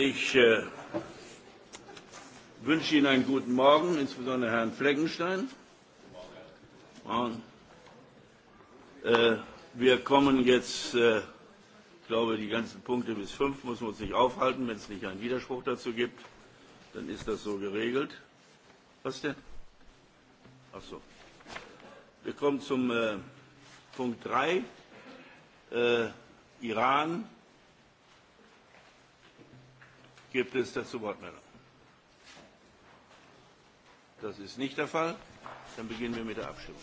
Ich äh, wünsche Ihnen einen guten Morgen, insbesondere Herrn Fleckenstein. Und, äh, wir kommen jetzt, äh, ich glaube, die ganzen Punkte bis fünf muss man uns nicht aufhalten. Wenn es nicht einen Widerspruch dazu gibt, dann ist das so geregelt. Was denn? Ach so. Wir kommen zum äh, Punkt drei, äh, Iran. Gibt es dazu Wortmeldungen? Das ist nicht der Fall. Dann beginnen wir mit der Abstimmung.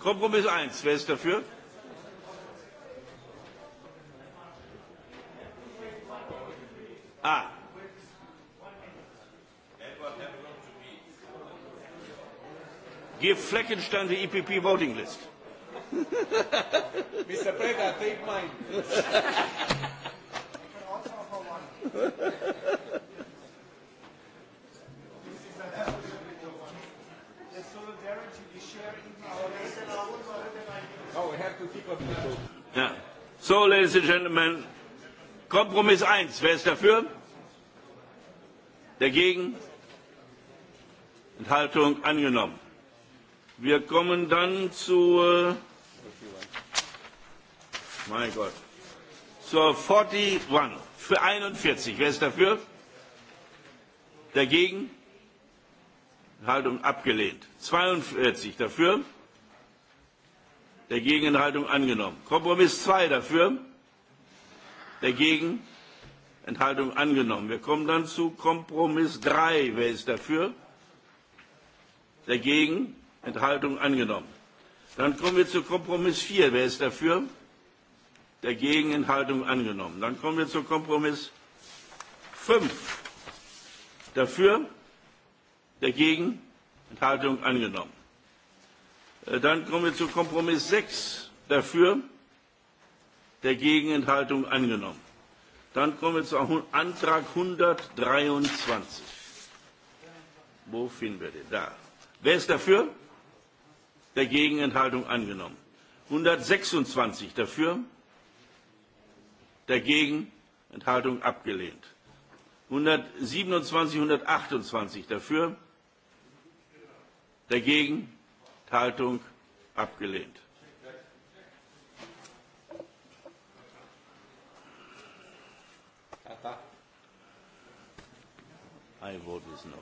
Kompromiss 1. Wer ist dafür? Ah. Give Fleckenstein the EPP voting list. Mr. Preda, take mine. Oh, we have to keep up So, ladies and gentlemen, Kompromiss 1, wer ist dafür? Dagegen? Enthaltung angenommen. Wir kommen dann zu äh, Mein Gott. So, 41. Für 41. Wer ist dafür? Dagegen? Haltung abgelehnt. 42 dafür. Dagegen Enthaltung angenommen. Kompromiss 2 dafür. Dagegen Enthaltung angenommen. Wir kommen dann zu Kompromiss 3. Wer ist dafür? Dagegen Enthaltung angenommen. Dann kommen wir zu Kompromiss 4. Wer ist dafür? Dagegen, der Gegenenthaltung angenommen. Dann kommen wir zu Kompromiss 5. Dafür, dagegen Enthaltung angenommen. Äh, dann kommen wir zu Kompromiss 6. Dafür, dagegen Enthaltung angenommen. Dann kommen wir zu Antrag 123. Wo finden wir den? Da. Wer ist dafür? Dagegen Enthaltung angenommen. 126 dafür, dagegen, Enthaltung abgelehnt. 127, 128 dafür, dagegen, Enthaltung abgelehnt. I vote is no.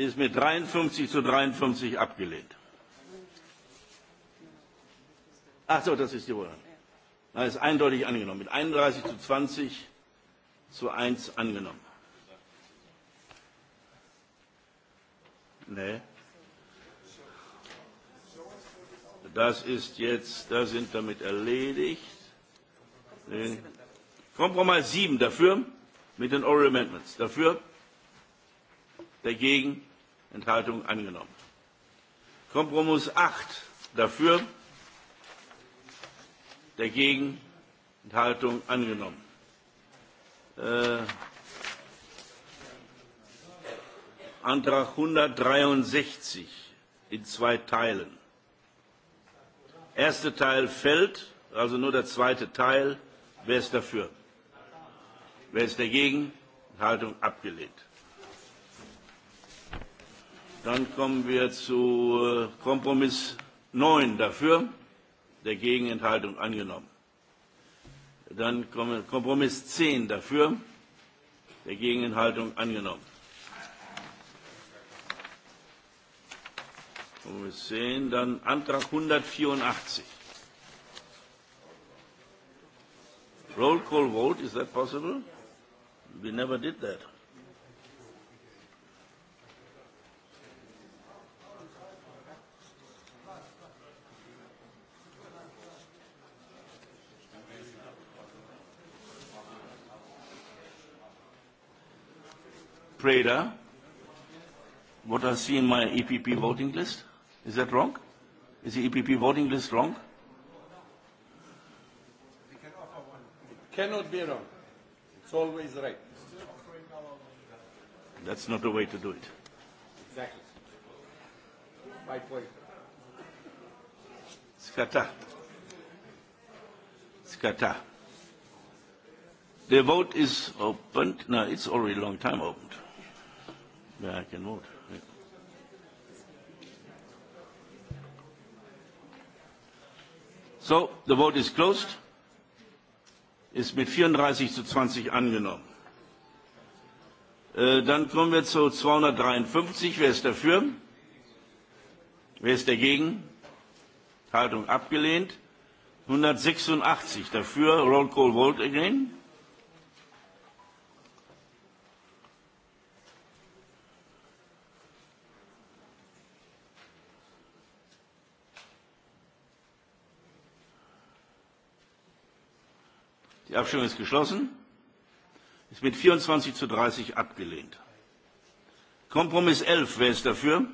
ist mit 53 zu 53 abgelehnt. Ach so, das ist die Wohnung. Das ist eindeutig angenommen. Mit 31 zu 20 zu 1 angenommen. Nee. Das ist jetzt, da sind damit erledigt. Nee. Kompromiss 7 dafür, mit den Oral Amendments. Dafür, dagegen, Enthaltung angenommen. Kompromiss 8 dafür, dagegen, Enthaltung angenommen. Äh, Antrag 163 in zwei Teilen. Erster Teil fällt, also nur der zweite Teil. Wer ist dafür? Wer ist dagegen? Enthaltung abgelehnt. Dann kommen wir zu äh, Kompromiss 9 dafür, der Gegenenthaltung angenommen. Dann kommen wir Kompromiss 10 dafür, der Gegenenthaltung angenommen. Kompromiss 10, dann Antrag 184. Roll call vote, is that possible? We never did that. Preda, what I see in my EPP voting list. Is that wrong? Is the EPP voting list wrong? it cannot be wrong. It's always right. That's not the way to do it. Exactly. My point. Skata. Skata. The vote is opened. No, it's already a long time open. Yeah, I can So, the vote is closed. Ist mit 34 zu 20 angenommen. Äh, dann kommen wir zu 253. Wer ist dafür? Wer ist dagegen? Haltung abgelehnt. 186 dafür. Roll call vote again. Die Abstimmung ist geschlossen. Ist mit 24 zu 30 abgelehnt. Kompromiss 11, wer ist dafür?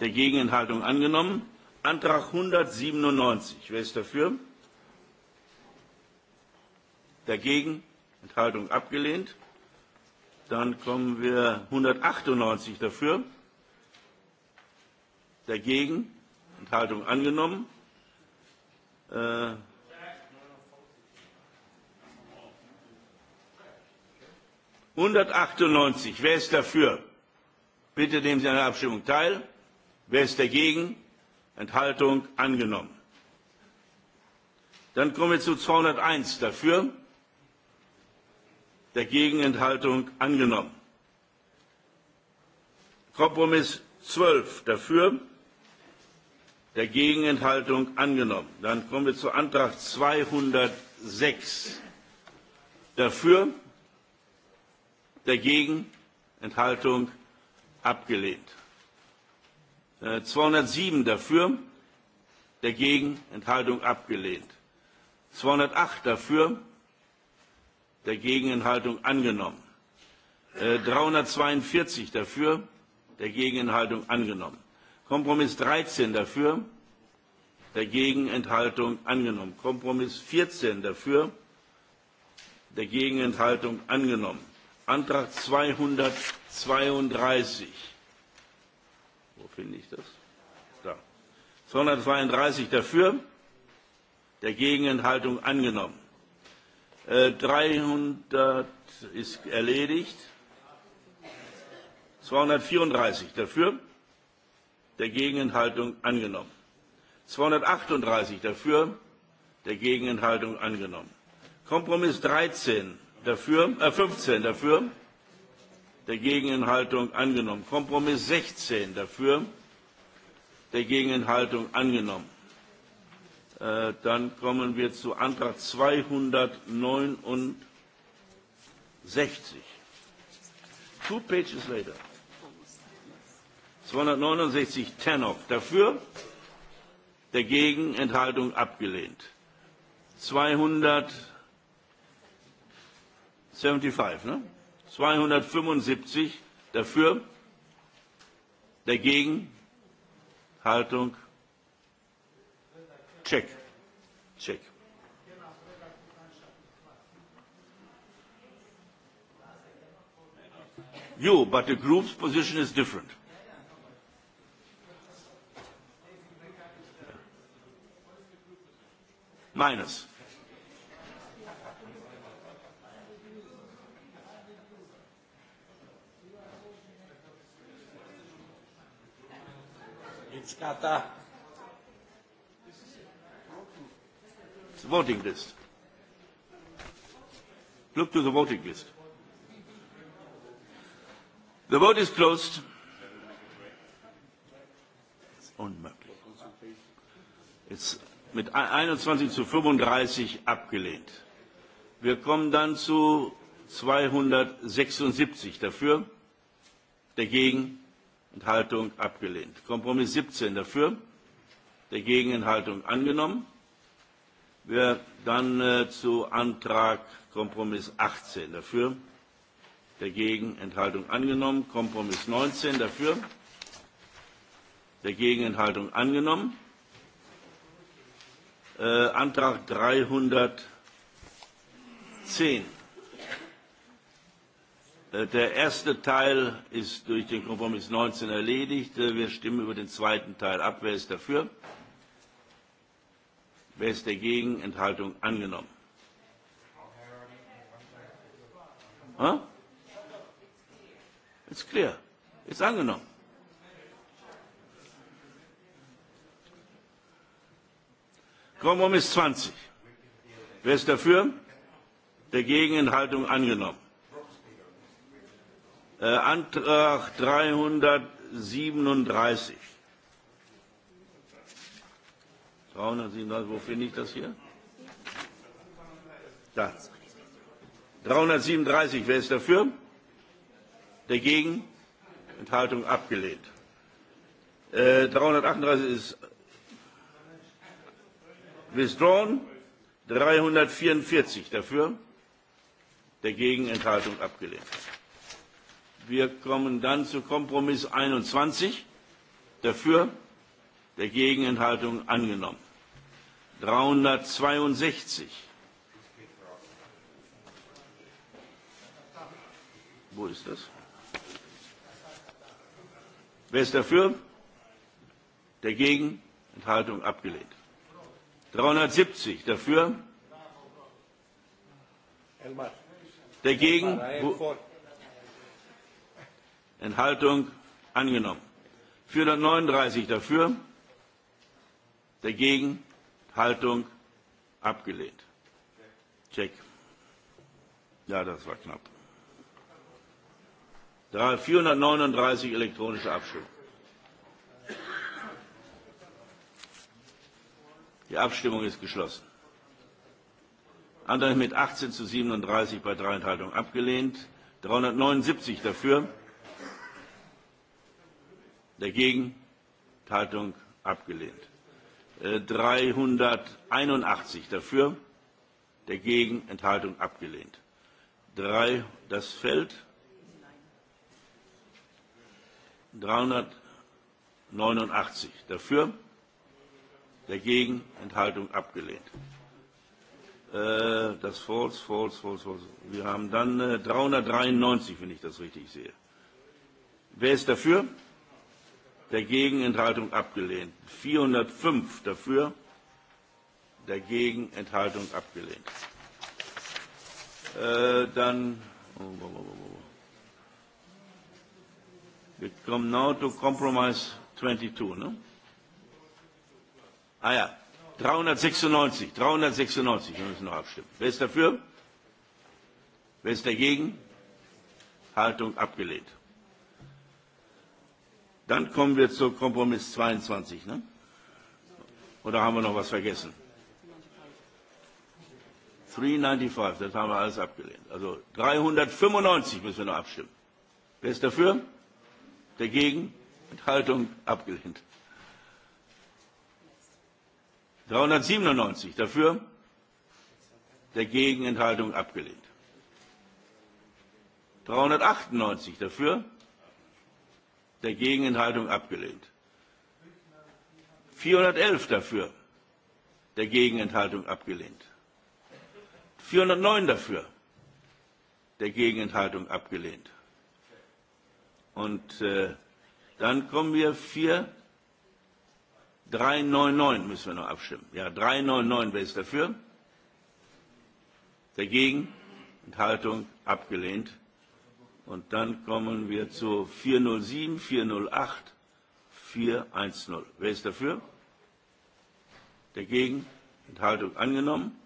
Der Gegenenthaltung angenommen. Antrag 197, wer ist dafür? Dagegen, Enthaltung abgelehnt. Dann kommen wir 198 dafür. Dagegen, Enthaltung angenommen. Äh, 198. Wer ist dafür? Bitte nehmen Sie an der Abstimmung teil. Wer ist dagegen? Enthaltung angenommen. Dann kommen wir zu 201. Dafür? Dagegen Enthaltung angenommen. Kompromiss 12. Dafür? Dagegen Enthaltung angenommen. Dann kommen wir zu Antrag 206. Dafür? dagegen, Enthaltung abgelehnt. 207 äh, dafür, dagegen, Enthaltung abgelehnt. 208 dafür, dagegen, Enthaltung angenommen. 342 äh, dafür, dagegen, Enthaltung angenommen. Kompromiss 13 dafür, dagegen, Enthaltung angenommen. Kompromiss 14 dafür, dagegen, Enthaltung angenommen. Antrag 232. Wo finde ich das? Da. 232 dafür, der Gegenenthaltung angenommen. Äh, 300 ist erledigt. 234 dafür, der Gegenenthaltung angenommen. 238 dafür, der Gegenenthaltung angenommen. Kompromiss 13 dafür, äh 15 dafür, der Gegenhaltung angenommen. Kompromiss 16 dafür, der Gegenhaltung angenommen. Äh, dann kommen wir zu Antrag 269. Two pages later. 269 Tenok dafür, dagegen Enthaltung abgelehnt. 200 75, ne? 275 dafür, dagegen, Haltung, check, check. You, but the group's position is different. Minus. It's a voting list. Look to the voting list. The vote is closed. It's unmöglich. It's mit 21 zu 35 abgelehnt. Wir kommen dann zu 276 dafür, dagegen Enthaltung abgelehnt. Kompromiss 17 dafür, dagegen Enthaltung angenommen. Wir dann äh, zu Antrag Kompromiss 18 dafür, dagegen Enthaltung angenommen. Kompromiss 19 dafür, der Gegenenthaltung angenommen. Äh, Antrag 310 Äh, der erste Teil ist durch den Kompromiss 19 erledigt. Äh, wir stimmen über den zweiten Teil ab. Wer ist dafür? Wer ist dagegen? Enthaltung angenommen. Huh? It's clear. Ist angenommen. Kompromiss 20. Wer ist dafür? Dagegen Enthaltung angenommen. Äh, Antrag 337. 337, wo finde ich das hier? Da. 337, wer ist dafür? Dagegen? Enthaltung abgelehnt. Äh, 338 ist withdrawn. 344 dafür. Dagegen Enthaltung abgelehnt. Wir kommen dann zu Kompromiss 21. Dafür, der Gegenenthaltung angenommen. 362. Wo ist das? Wer ist dafür? Dagegen? Enthaltung abgelehnt. 370 dafür? Dagegen? Enthaltung angenommen. 439 dafür, dagegen, Haltung abgelehnt. Check. Ja, das war knapp. 439 elektronische Abstimmung. Die Abstimmung ist geschlossen. Antrag mit 18 zu 37 bei drei Enthaltungen abgelehnt. 379 dafür Dagegen Enthaltung abgelehnt. 381 äh, dafür, dagegen Enthaltung abgelehnt. Drei das fällt. 389 dafür, dagegen Enthaltung abgelehnt. Äh, das falls, falls, falls, falls. Wir haben dann 393, äh, wenn ich das richtig sehe. Wer ist dafür? dagegen Enthaltung abgelehnt. 405 dafür, dagegen Enthaltung abgelehnt. Äh, dann oh, oh, oh, wir kommen now to Compromise 22, ne? Ah ja, 396, 396, wir müssen noch abstimmen. Wer ist dafür? Wer ist dagegen? Haltung abgelehnt. Dann kommen wir zu Kompromiss 22. Ne? Oder haben wir noch was vergessen? 395, das haben wir alles abgelehnt. Also 395 müssen wir noch abstimmen. Wer ist dafür? Dagegen? Enthaltung? Abgelehnt. 397 dafür? Dagegen? Enthaltung? Abgelehnt. 398 dafür? dagegen Enthaltung abgelehnt. 411 dafür, dagegen Enthaltung abgelehnt. 409 dafür, dagegen Enthaltung abgelehnt. Und äh, dann kommen wir 4, 399 müssen wir noch abstimmen. Ja, 399, wer ist dafür? Dagegen Enthaltung abgelehnt. Und dann kommen wir zu 407, 408, 410. Wer ist dafür? Dagegen? Enthaltung angenommen?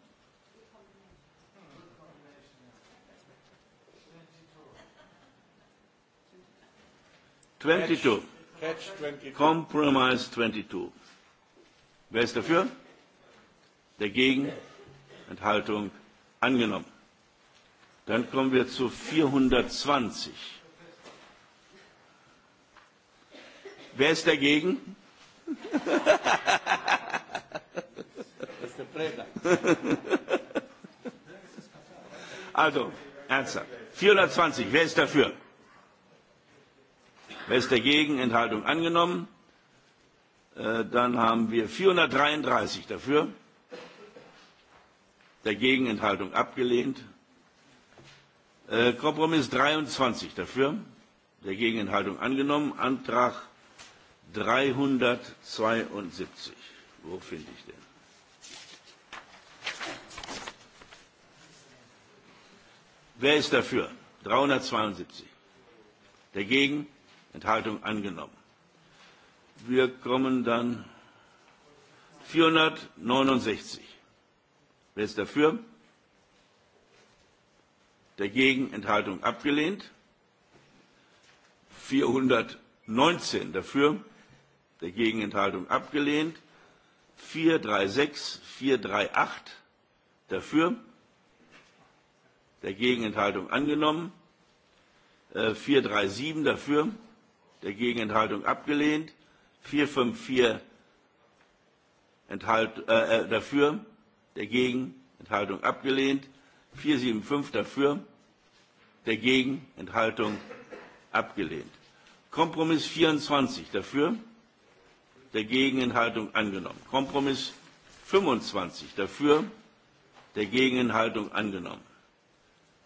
Catch, 22. Compromise 22. Wer ist dafür? Dagegen? Enthaltung angenommen. Dann kommen wir zu 420. Wer ist dagegen? also, ernsthaft. 420, wer ist dafür? Wer ist dagegen? Enthaltung angenommen. Äh, dann haben wir 433 dafür. Dagegen Enthaltung abgelehnt. Äh, Kompromiss 23 dafür, der Gegenenthaltung angenommen. Antrag 372. Wo finde ich den? Wer ist dafür? 372. Dagegen? Enthaltung angenommen. Wir kommen dann 469. Wer ist dafür? dagegen Enthaltung abgelehnt. 419 dafür, dagegen Enthaltung abgelehnt. 436, 438 dafür, dagegen Enthaltung angenommen. 437 äh, dafür, dagegen Enthaltung abgelehnt. 454 Enthalt, äh, äh dafür, dagegen Enthaltung abgelehnt. 475 dafür, dagegen, Enthaltung abgelehnt. Kompromiss 24 dafür, dagegen, Enthaltung angenommen. Kompromiss 25 dafür, dagegen, Enthaltung angenommen.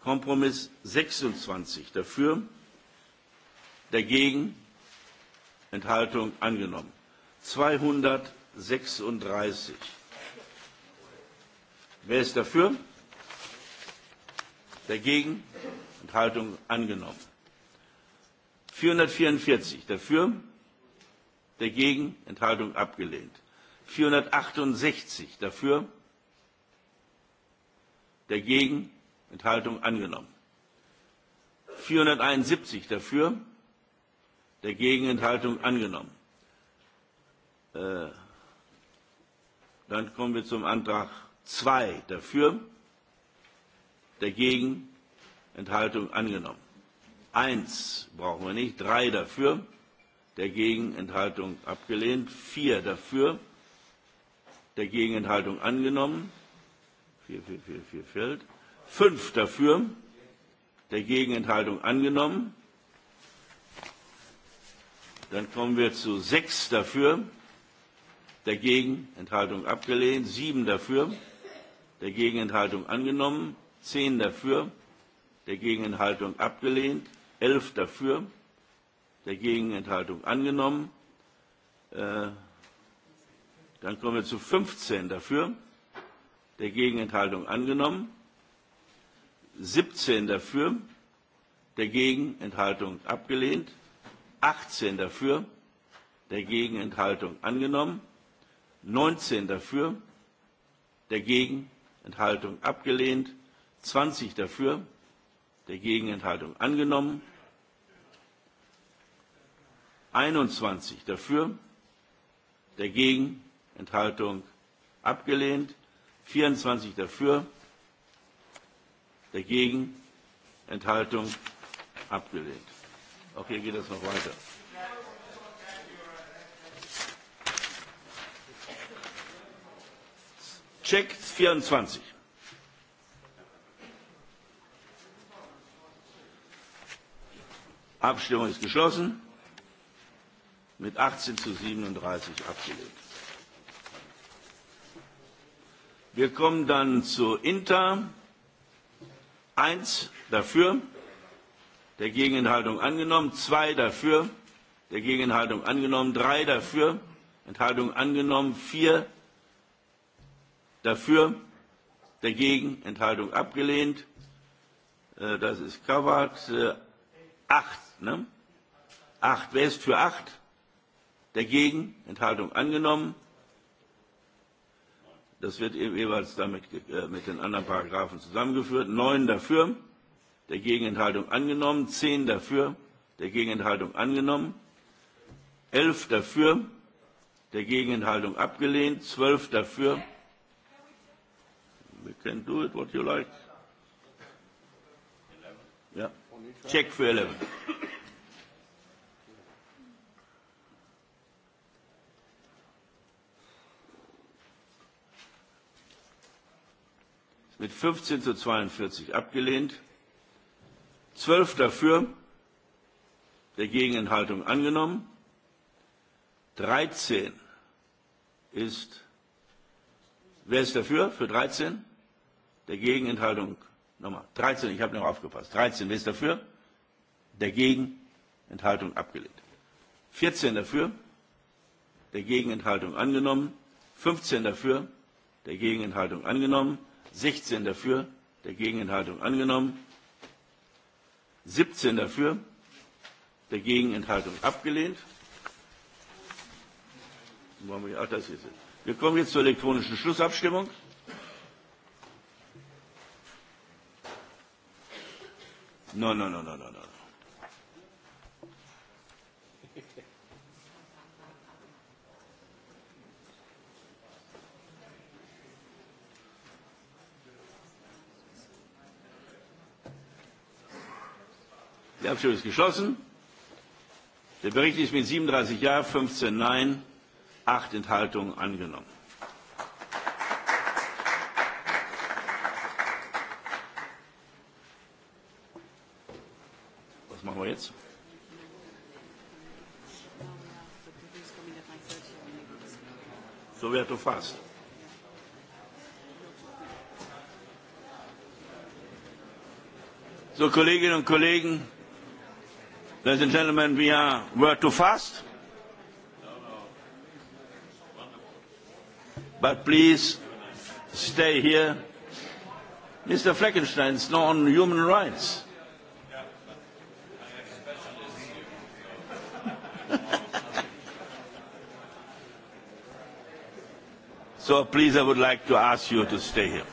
Kompromiss 26 dafür, dagegen, Enthaltung angenommen. 236. Wer ist dafür? Dagegen? Enthaltung angenommen. 444 dafür, dagegen, Enthaltung abgelehnt. 468 dafür, dagegen, Enthaltung angenommen. 471 dafür, dagegen, Enthaltung angenommen. Äh, dann kommen wir zum Antrag 2 dafür dagegen, Enthaltung angenommen. Eins brauchen wir nicht, drei dafür, dagegen, Enthaltung abgelehnt, vier dafür, dagegen, Enthaltung angenommen, vier, vier, vier, vier fällt, fünf dafür, dagegen, Enthaltung angenommen, Dann kommen wir zu sechs dafür, dagegen Enthaltung abgelehnt, sieben dafür, dagegen Enthaltung angenommen, 10 dafür, der Gegenenthaltung abgelehnt, 11 dafür, der Gegenenthaltung angenommen. Äh, dann kommen wir zu 15 dafür, der Gegenenthaltung angenommen, 17 dafür, der Gegenenthaltung abgelehnt, 18 dafür, der Gegenenthaltung angenommen, 19 dafür, der Gegenenthaltung abgelehnt, 20 dafür, der Gegenenthaltung angenommen. 21 dafür, der Gegenenthaltung abgelehnt. 24 dafür, der Gegenenthaltung abgelehnt. Auch hier geht es noch weiter. Check 24. Abstimmung ist geschlossen. Mit 18 zu 37 abgelehnt. Wir kommen dann zu Inter. Eins dafür, der Gegenenthaltung angenommen. Zwei dafür, der Gegenenthaltung angenommen. Drei dafür, Enthaltung angenommen. Vier dafür, dagegen, Enthaltung abgelehnt. Äh, das ist covered. Acht, ne? Acht, wer ist für acht? Dagegen, Enthaltung angenommen. Das wird eben jeweils damit äh, mit den anderen Paragraphen zusammengeführt. Neun dafür, der Gegenenthaltung angenommen. Zehn dafür, der Gegenenthaltung angenommen. Elf dafür, der Gegenenthaltung abgelehnt. Zwölf dafür. We can do it what you like. Check for 11. Mit 15 zu 42 abgelehnt. 12 dafür, der Gegenenthaltung angenommen. 13 ist, wer ist dafür für 13? Der Gegenenthaltung Nochmal, 13, ich habe noch aufgepasst. 13, wer ist dafür? Dagegen, Enthaltung abgelehnt. 14 dafür, dagegen, Enthaltung angenommen. 15 dafür, dagegen, Enthaltung angenommen. 16 dafür, dagegen, Enthaltung angenommen. 17 dafür, dagegen, Enthaltung abgelehnt. Wir kommen jetzt zur elektronischen Schlussabstimmung. No, no, no, no, no, no. Die Abstimmung ist geschlossen. Der Bericht ist mit 37 Ja, 15 Nein, 8 Enthaltungen angenommen. jetzt? So we are too fast. So, Kolleginnen und Kollegen, ladies and gentlemen, we are were too fast. But please stay here. Mr. Fleckenstein it's not on human rights. So please, I would like to ask you to stay here.